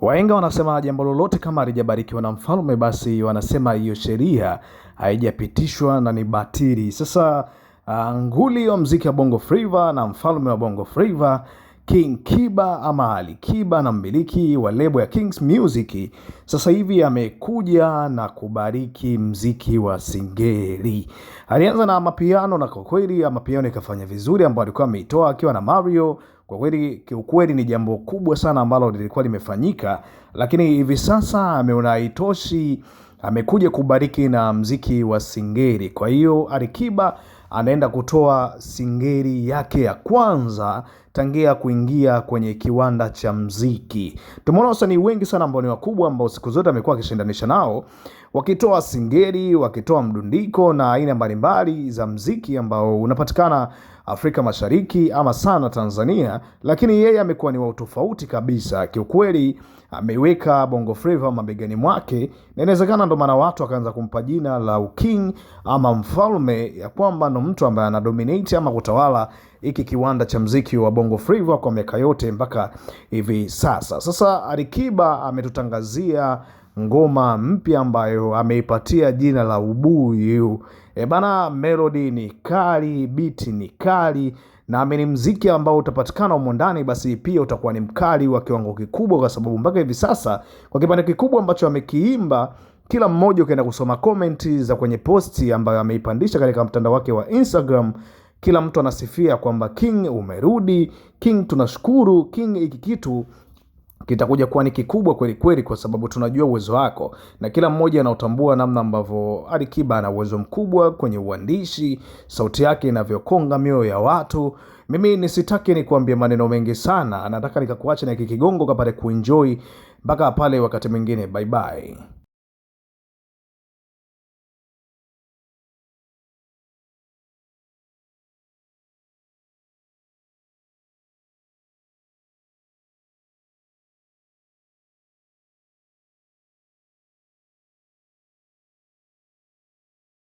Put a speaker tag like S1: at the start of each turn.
S1: Wahenga wanasema jambo lolote kama halijabarikiwa na mfalme, basi wanasema hiyo sheria haijapitishwa na ni batili. Sasa uh, nguli wa mziki wa Bongo Flava na mfalme wa Bongo Flava King Kiba ama Ali Kiba na mmiliki wa lebo ya Kings Music sasa hivi amekuja na kubariki mziki wa Singeli. Alianza na mapiano na kwa kweli mapiano ikafanya vizuri, ambayo alikuwa ameitoa akiwa na Mario kwa kweli kiukweli ni jambo kubwa sana ambalo lilikuwa limefanyika, lakini hivi sasa ameona haitoshi, amekuja kubariki na mziki wa Singeli. Kwa hiyo Alikiba anaenda kutoa singeli yake ya kwanza tangia kuingia kwenye kiwanda cha mziki. Tumeona wasanii wengi sana ambao ni wakubwa ambao siku zote amekuwa akishindanisha nao wakitoa singeli, wakitoa mdundiko na aina mbalimbali za mziki ambao unapatikana Afrika Mashariki ama sana Tanzania, lakini yeye amekuwa ni wa utofauti kabisa. Kiukweli ameweka Bongo Flava mabegani mwake, na inawezekana ndo maana watu wakaanza kumpa jina la uking ama mfalme ya kwamba mfano mtu ambaye anadominate ama kutawala hiki kiwanda cha mziki wa Bongo Flava kwa miaka yote mpaka hivi sasa. Sasa Alikiba ametutangazia ngoma mpya ambayo ameipatia jina la Ubuyu. E bana, melody ni kali, biti ni kali na ni mziki ambao utapatikana humo ndani, basi pia utakuwa ni mkali wa kiwango kikubwa, kwa sababu mpaka hivi sasa kwa kipande kikubwa ambacho amekiimba kila mmoja ukienda kusoma komenti za kwenye posti ambayo ameipandisha katika mtandao wake wa Instagram, kila mtu anasifia kwamba King umerudi, King tunashukuru, King hiki kitu kitakuja kuwa ni kikubwa kweli kweli, kwa sababu tunajua uwezo wako, na kila mmoja anautambua namna ambavyo Ali ana uwezo mkubwa kwenye uandishi, sauti yake inavyokonga mioyo ya watu. Mimi nisitaki nikuambie maneno mengi sana, nataka nikakuacha na kikigongo kapate kuenjoy mpaka pale wakati mwingine. Bye bye.